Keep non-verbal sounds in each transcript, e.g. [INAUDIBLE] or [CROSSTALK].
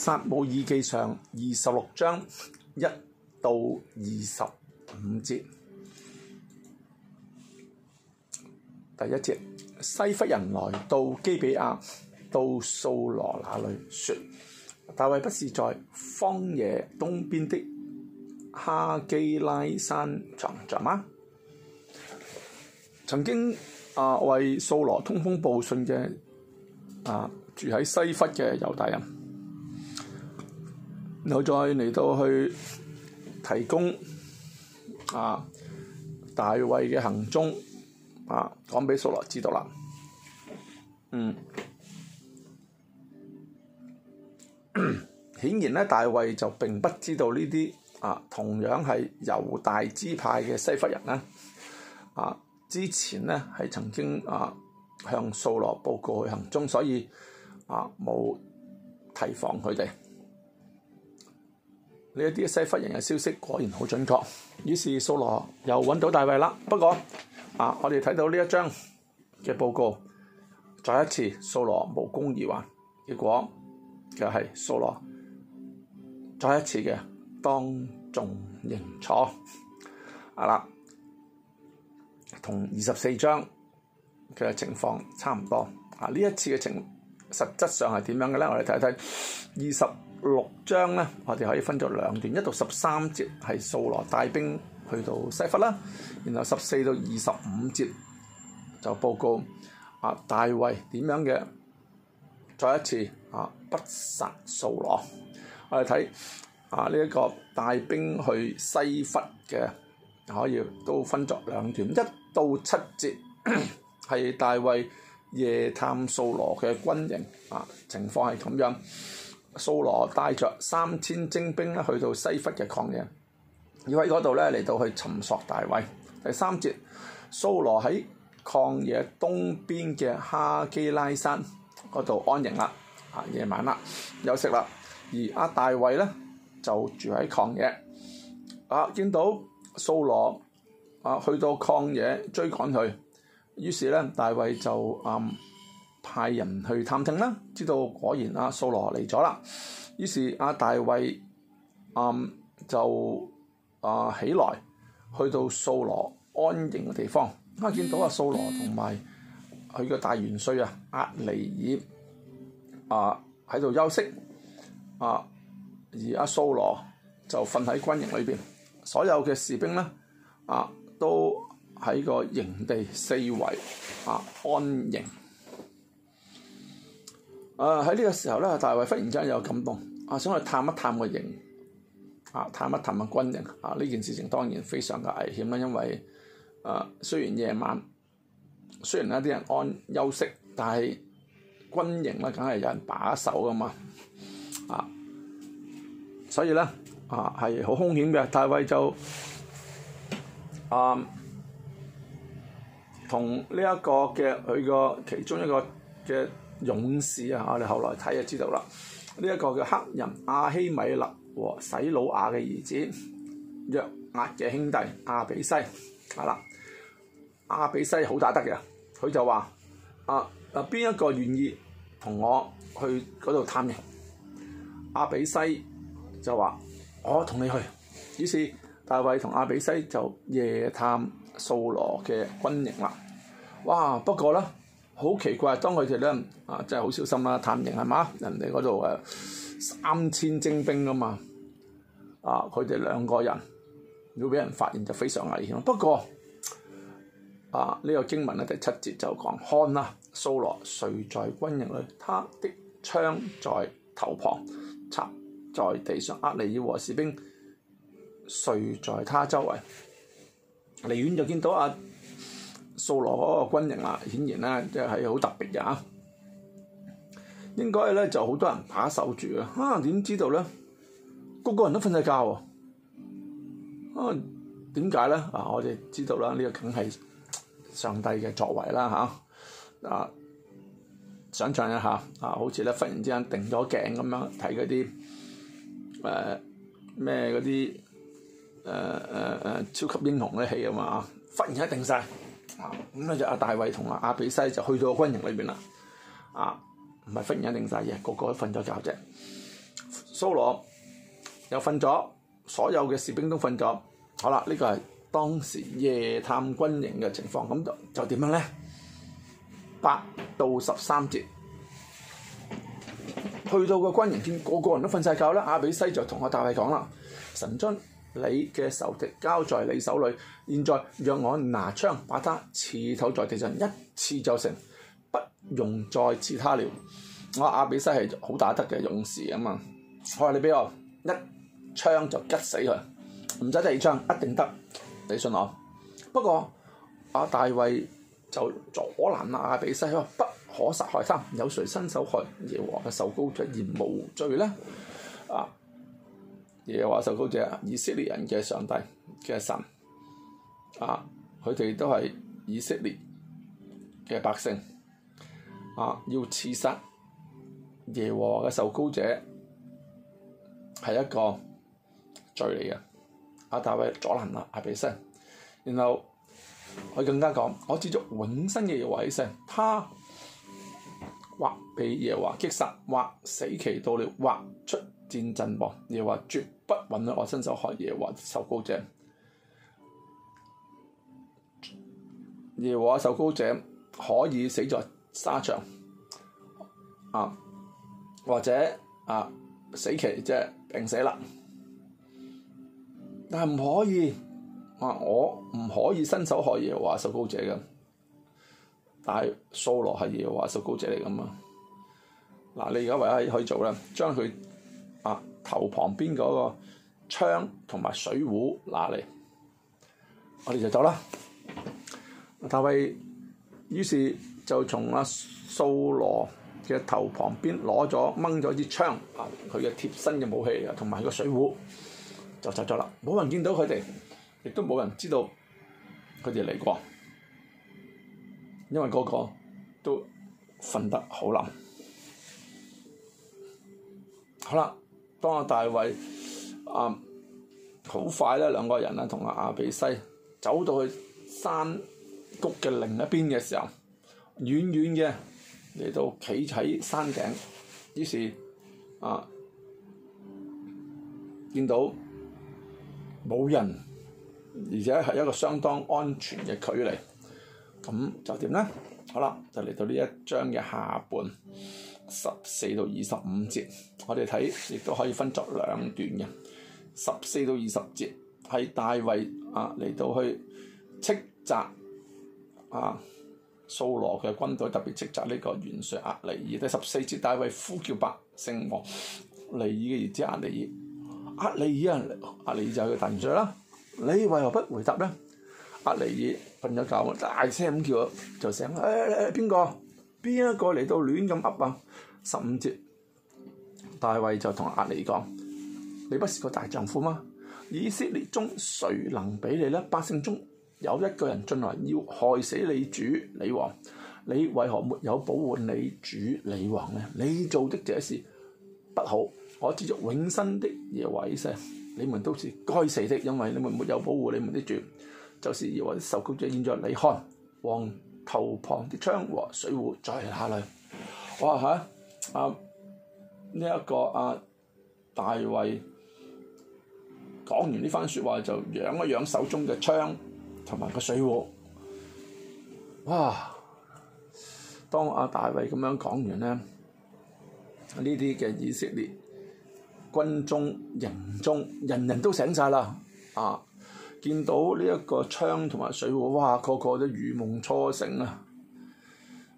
撒母耳記上二十六章一到二十五節，第一節：西弗人來到基比亞到掃羅那裡，說：大衛不是在荒野東邊的哈基拉山藏着嗎？曾經啊，為掃羅通風報信嘅啊，住喺西弗嘅猶大人。然後再嚟到去提供啊大衛嘅行蹤啊講畀掃羅知道啦，嗯，顯 [COUGHS] 然咧大衛就並不知道呢啲啊同樣係猶大支派嘅西弗人咧，啊之前咧係曾經啊向掃羅報告佢行蹤，所以啊冇提防佢哋。呢一啲西弗人嘅消息果然好準確，於是掃羅又揾到大衛啦。不過啊，我哋睇到呢一章嘅報告，再一次掃羅無功而還，結果就係掃羅再一次嘅當眾認錯。啊啦，同二十四章嘅情況差唔多。啊，呢一次嘅情實質上係點樣嘅咧？我哋睇睇二十。六章咧，我哋可以分作兩段，一到十三節係掃羅帶兵去到西弗啦，然後十四到二十五節就報告啊，大衛點樣嘅再一次啊不殺掃羅。我哋睇啊呢一個帶兵去西弗嘅可以都分作兩段，一到七節係大衛夜探掃羅嘅軍營啊，情況係咁樣。蘇羅帶着三千精兵咧，去到西弗嘅曠野，要喺嗰度咧嚟到去尋索大衛。第三節，蘇羅喺曠野東邊嘅哈基拉山嗰度安營啦，啊夜晚啦，休息啦。而阿大衛咧就住喺曠野，啊見到蘇羅啊去到曠野追趕佢，於是咧大衛就啊～、嗯派人去探聽啦，知道果然阿掃羅嚟咗啦。於是阿、啊、大衛、嗯、啊就啊起來，去到掃羅安營嘅地方。啊，見到阿掃羅同埋佢個大元帥啊，阿尼爾啊喺度休息。啊，而阿掃羅就瞓喺軍營裏邊。所有嘅士兵咧啊，都喺個營地四圍啊安營。啊！喺呢個時候咧，大衛忽然之間有感動，啊想去探一探個營，啊探一探個軍營，啊呢件事情當然非常嘅危險啦，因為，啊雖然夜晚，雖然一啲人安休息，但係軍營咧梗係有人把守噶嘛，啊，所以咧啊係好兇險嘅，大衛就，啊，同呢一個嘅佢個其中一個嘅。勇士啊！我哋後來睇就知道啦。呢、這、一個叫黑人亞希米勒和洗魯雅嘅兒子約押嘅兄弟亞比西，係啦。亞比西好打得嘅，佢就話：，啊啊邊一個願意同我去嗰度探營？亞比西就話：我同你去。於是大衛同亞比西就夜探掃羅嘅軍營啦。哇！不過咧～好奇怪，當佢哋咧啊，真係好小心啦，探營係嘛？人哋嗰度誒三千精兵啊嘛，啊佢哋兩個人如果俾人發現就非常危險。不過啊，呢、這個經文咧第七節就講，看啦、啊，掃羅睡在軍營裏，他的槍在頭旁，插在地上。押尼珥和士兵睡在他周圍。離遠就見到啊。掃羅嗰個軍人啦，顯然咧即係好特別嘅嚇。應該咧就好多人把守住啊？點知道咧？個個人都瞓曬覺喎啊？點解咧？啊，我哋知道啦，呢個梗係上帝嘅作為啦嚇啊！想象一下像子、呃呃、啊，好似咧忽然之間定咗鏡咁樣睇嗰啲誒咩嗰啲誒誒誒超級英雄嘅戲啊嘛啊！忽然間定晒。咁咧就阿大衛同阿阿比西就去到軍營裏邊啦，啊，唔係忽然間定晒嘢，個個都瞓咗覺啫。掃羅又瞓咗，所有嘅士兵都瞓咗。好啦，呢個係當時夜探軍營嘅情況。咁就點樣咧？八到十三節，去到個軍營見，個個人都瞓晒覺啦。阿比西就同阿大衛講啦，神樽。你嘅仇敵交在你手裏。現在讓我拿槍把他刺透在地上，一刺就成，不用再刺他了。我、啊、阿比西係好打得嘅勇士啊嘛，我話你俾我一槍就吉死佢，唔使第二槍一定得，你信我？不過阿、啊、大衛就阻攔阿、啊、比西，話不可殺害他，有誰伸手害耶和華嘅手高出現無罪咧？啊！耶和華受膏者，以色列人嘅上帝，嘅神，啊，佢哋都係以色列嘅百姓，啊，要刺殺耶和華嘅受膏者，係一個罪嚟啊！阿大衛阻攔啦，阿比西，然後佢更加講：我接觸永生嘅耶和華起誓，他或被耶和華擊殺，或死期到了，或出。戰陣噃，耶和華絕不允許我伸手害耶和華受膏者。耶和華受膏者可以死在沙場，啊，或者啊死期即係病死啦，但係唔可以啊，我唔可以伸手害耶和華受膏者嘅。但係掃羅係耶和華受膏者嚟㗎嘛？嗱、啊，你而家唯一可以做咧，將佢。啊！頭旁邊嗰個槍同埋水壺拿嚟，我哋就走啦。大衛於是就從阿、啊、掃羅嘅頭旁邊攞咗掹咗支槍，啊佢嘅貼身嘅武器啊，同埋個水壺就走咗啦。冇人見到佢哋，亦都冇人知道佢哋嚟過，因為個個都瞓得好腍。好啦～當阿大衛啊，好快咧，兩個人啊同阿亞比西走到去山谷嘅另一邊嘅時候，遠遠嘅嚟到企喺山頂，於是啊見到冇人，而且係一個相當安全嘅距離，咁就點咧？好啦，就嚟到呢一章嘅下半。十四到二十五節，我哋睇亦都可以分作兩段嘅。十四到二十節係大衛啊嚟到去斥責啊掃羅嘅軍隊，特別斥責呢個元帥押尼珥。第十四節大衛呼叫百姓王，尼珥嘅兒子押尼珥押尼珥押尼珥就係大元帥啦。你為何不回答呢？押尼珥瞓咗覺，大聲咁叫就醒，誒誒邊個？邊一個嚟到亂咁噏啊？十五節，大衛就同阿尼講：你不是個大丈夫嗎？以色列中誰能比你呢？百姓中有一個人進來要害死你主、你王，你為何沒有保護你主、你王呢？你做的這事不好，我指著永生的耶和華以你們都是該死的，因為你們沒有保護你，你們的主，就是耶和華的受膏者現。現在你看，王。頭旁啲槍和水壺在喺度，我話嚇啊！呢、啊、一、這個啊，大衛講完呢番説話就揚一揚手中嘅槍同埋個水壺。哇！當阿大衛咁樣講完呢，呢啲嘅以色列軍中營中人人都醒晒啦、啊見到呢一個槍同埋水壺，哇，個個都如夢初醒啊！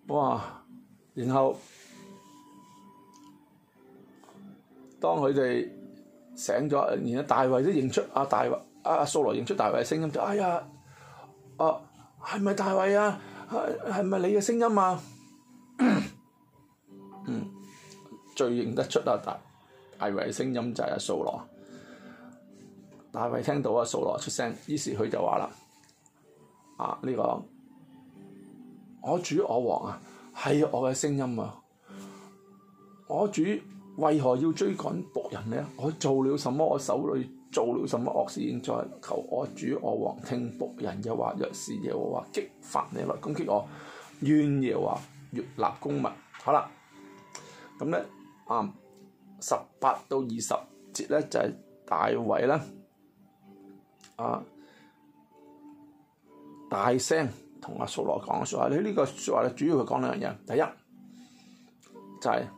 哇，然後當佢哋醒咗，然後大衛都認出阿、啊、大衛，阿阿掃羅認出大衛嘅聲音就，哎呀，哦，係咪大衛啊？係咪、啊、你嘅聲音啊？嗯， [COUGHS] 最認得出啊大，大衛嘅聲音就係阿掃羅。大衛聽到阿掃羅出聲，於是佢就話啦：，啊，呢、這個我主我王啊，係我嘅聲音啊！我主為何要追趕僕人呢？我做了什麼？我手裏做了什麼惡事？現在求我主我王聽僕人嘅話。若是耶和華激發你來攻擊我，願耶和華越立公民。好啦，咁呢，啊，十八到二十節呢，就係、是、大衞啦。啊！大聲同阿掃羅講説話，呢、這、呢個説話咧，主要佢講兩樣嘢。第一就係、是、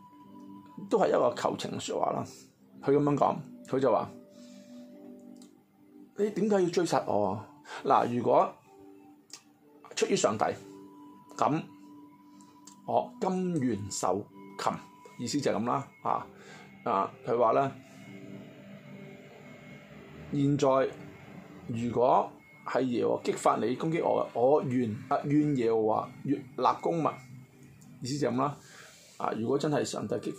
都係一個求情説話啦。佢咁樣講，佢就話：就你點解要追殺我啊？嗱，如果出於上帝咁，我甘願受擒，意思就係咁啦。嚇啊！佢話咧，現在。如果係耶和華激發你攻擊我，我願啊願耶和華，願立公義，意思就咁啦。啊，如果真係上帝激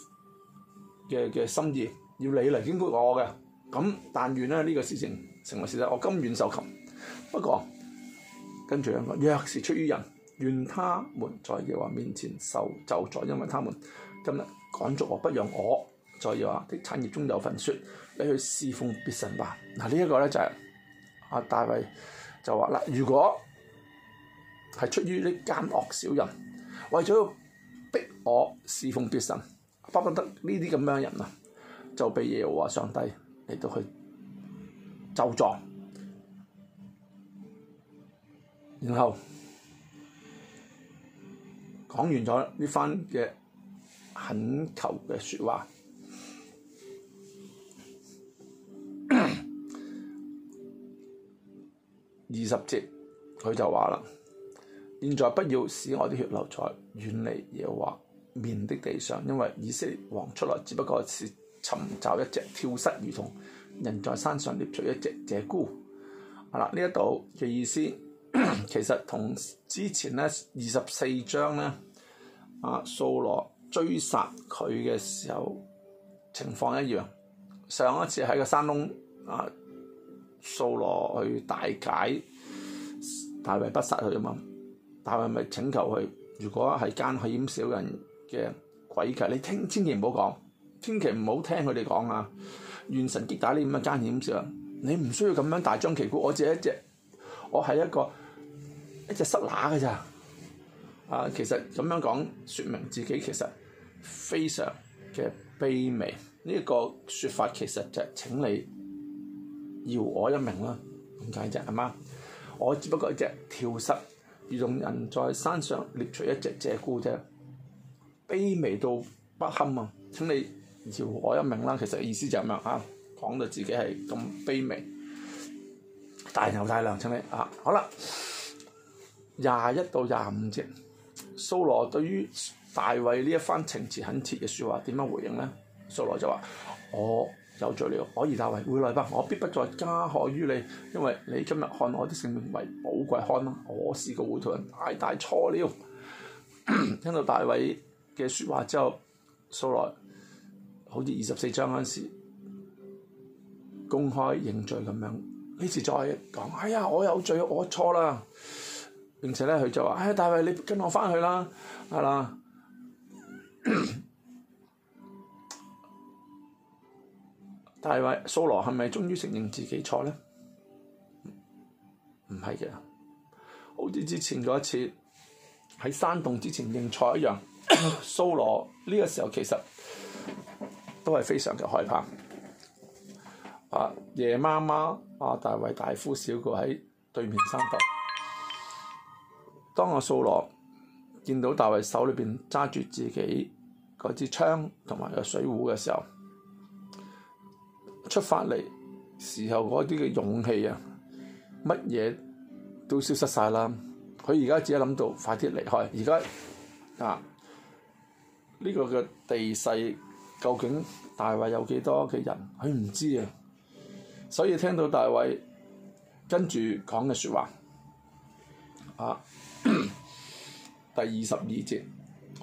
嘅嘅心意，要你嚟攻擊我嘅，咁但願咧呢、呢個事情成為事實，我甘願受擒。不過跟住兩個，若是出於人，願他們在耶和華面前受咒詛，因為他們今日趕逐我，不讓我在耶和華的產業中有份說，説你去侍奉別神吧。嗱、啊，這個、呢一個咧就係、是。阿、啊、大衞就話嗱，如果係出於呢奸惡小人，為咗逼我侍奉別神，不不得呢啲咁樣人啊，就俾耶和華上帝嚟到去咒詛，然後講完咗呢番嘅懇求嘅説話。二十節佢就話啦，現在不要使我的血流在遠離耶和華面的地上，因為以色列王出來只不過是尋找一隻跳蚤如同人在山上捏住一隻鷓鴣。啊嗱，呢一度嘅意思其實同之前呢二十四章呢，啊掃羅追殺佢嘅時候情況一樣，上一次喺個山窿啊。掃羅去大解，大衛不殺佢啊嘛！大衛咪請求佢：如果係奸險小人嘅詭計，你聽千祈唔好講，千祈唔好聽佢哋講啊！願神擊打呢啲咁嘅奸險小人，你唔需要咁樣大張旗鼓。我只係一隻，我係一個一隻虱乸嘅咋啊！其實咁樣講，説明自己其實非常嘅卑微。呢、這、一個説法其實就係請你。饒我一命啦，點解啫，係嘛？我只不過一隻跳蚤，如同人在山上獵取一隻鷓鴣啫，卑微到不堪啊！請你饒我一命啦，其實意思就係咁樣啊？講到自己係咁卑微，大人有大量，請你啊，好啦，廿一到廿五節，蘇羅對於大衛呢一番情詞懇切肯切嘅説話點樣回應呢？蘇羅就話我。有罪了，可以大衛回來吧，我必不再加害於你，因為你今日看我的性命為寶貴看我是個糊塗人太大，大錯了。 [COUGHS] 聽到大衛嘅説話之後，掃羅好似二十四章嗰時公開認罪咁樣，呢次再講，哎呀我有罪，我錯啦。並且呢，佢就話：哎呀，大衛，你跟我返去啦，係啦。 [COUGHS] 大衛，蘇羅係咪終於承認自己錯呢？唔係嘅，好似之前嗰一次喺山洞之前認錯一樣， [COUGHS] 蘇羅呢個時候其實都係非常嘅害怕、啊。夜媽媽、啊、大衛大呼小叫喺對面山洞。當阿蘇羅見到大衛手裏面揸住自己嗰支槍同埋個水壺嘅時候，出發嚟時候嗰啲嘅勇氣啊，乜嘢都消失晒啦。佢而家只係諗到快啲離開。而家啊，呢個嘅地勢究竟大衛有幾多嘅人，佢唔知啊。所以聽到大衛跟住講嘅説話，啊， [COUGHS] 第二十二節，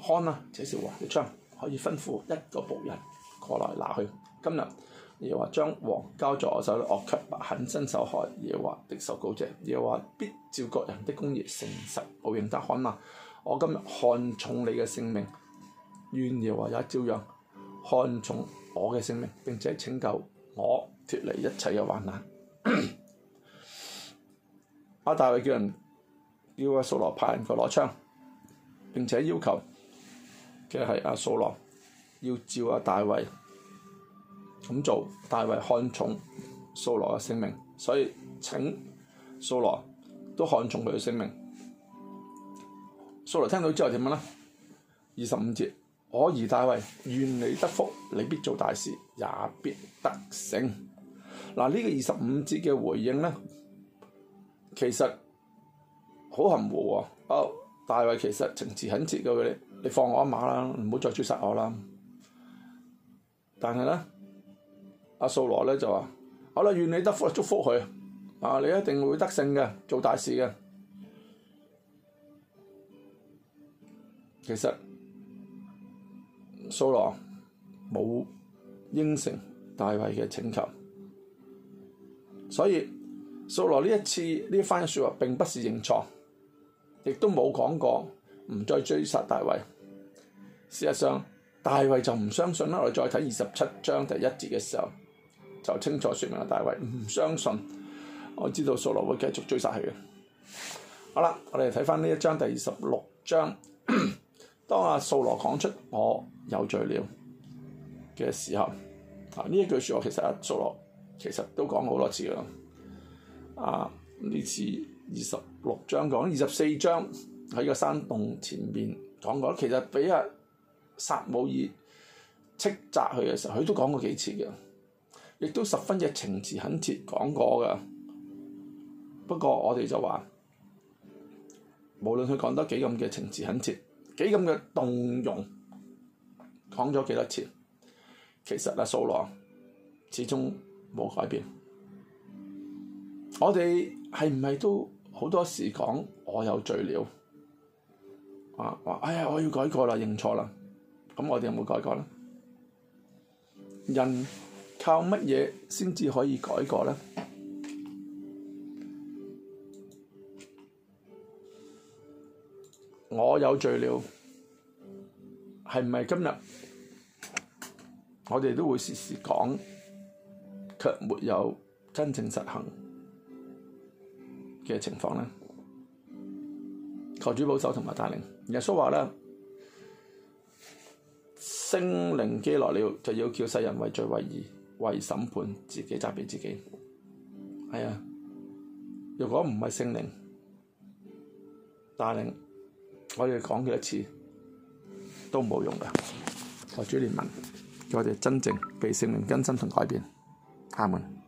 看啊，這是王嘅槍，可以吩咐一個僕人過來拿去。今日。耶和華將王交在我手裏，我卻不肯伸手害耶和華的受膏者。耶和華必照各人的公義誠實報應得罕難。我今日看重你嘅性命，願耶和華也照樣看重我嘅性命。並且拯救我脱離一切嘅患難。阿、 [COUGHS] [COUGHS] 啊、大衛叫人，叫阿掃羅派人去攞槍。並且要求嘅係阿掃羅要召阿、啊、大衛。咁做，大衛看重掃羅嘅性命，所以請掃羅都看重佢嘅性命。掃羅聽到之後點樣呢？二十五節，我兒大衛，願你得福，你必做大事，也必得勝。嗱、啊，呢、這個二十五節嘅回應呢，其實好含糊喎、啊。啊、哦，大衛其實情詞懇切嘅，你放我一馬啦，唔好再追殺我啦。但係呢。阿掃羅咧就話：好啦，願你得福，祝福佢啊！你一定會得勝嘅，做大事嘅。其實掃羅冇應承大衛嘅請求，所以掃羅呢一次呢番説話並不是認錯，亦都冇講過唔再追殺大衛。事實上，大衛就唔相信啦。我哋再睇二十七章第一節嘅時候。就清楚説明啦，大衞唔相信。我知道掃羅會繼續追殺佢嘅。好啦，我哋睇翻呢一章第二十六章。 [COUGHS] 當阿掃羅講出我有罪了嘅時候，啊呢一句説話其實阿掃羅其實都講過好多次㗎喇。啊呢次二十六章講，二十四章喺個山洞前面講過。其實俾阿撒母耳斥責佢嘅時候，佢都講過幾次嘅。亦都十分嘅情詞懇切講過嘅，不過我哋就話，無論佢講得幾咁嘅情詞懇切，幾咁嘅動容，講咗幾多次，其實阿、啊、掃羅始終冇改變。我哋係唔係都好多時講我有罪了？話、啊、話哎呀，我要改過啦，認錯啦，咁我哋有冇改過呢？人。靠乜嘢先至可以改過呢？我有罪了，係唔係今日我哋都會時時講，卻沒有真正實行嘅情況呢？求主保守同埋帶領。耶穌話咧：聖靈既來了，就要叫世人為罪、為義。為審判自己責備自己，係啊！如果唔係聖靈帶領，我哋講幾次都冇用噶。主，我主憐憫我哋真正被聖靈更新同改變，阿門。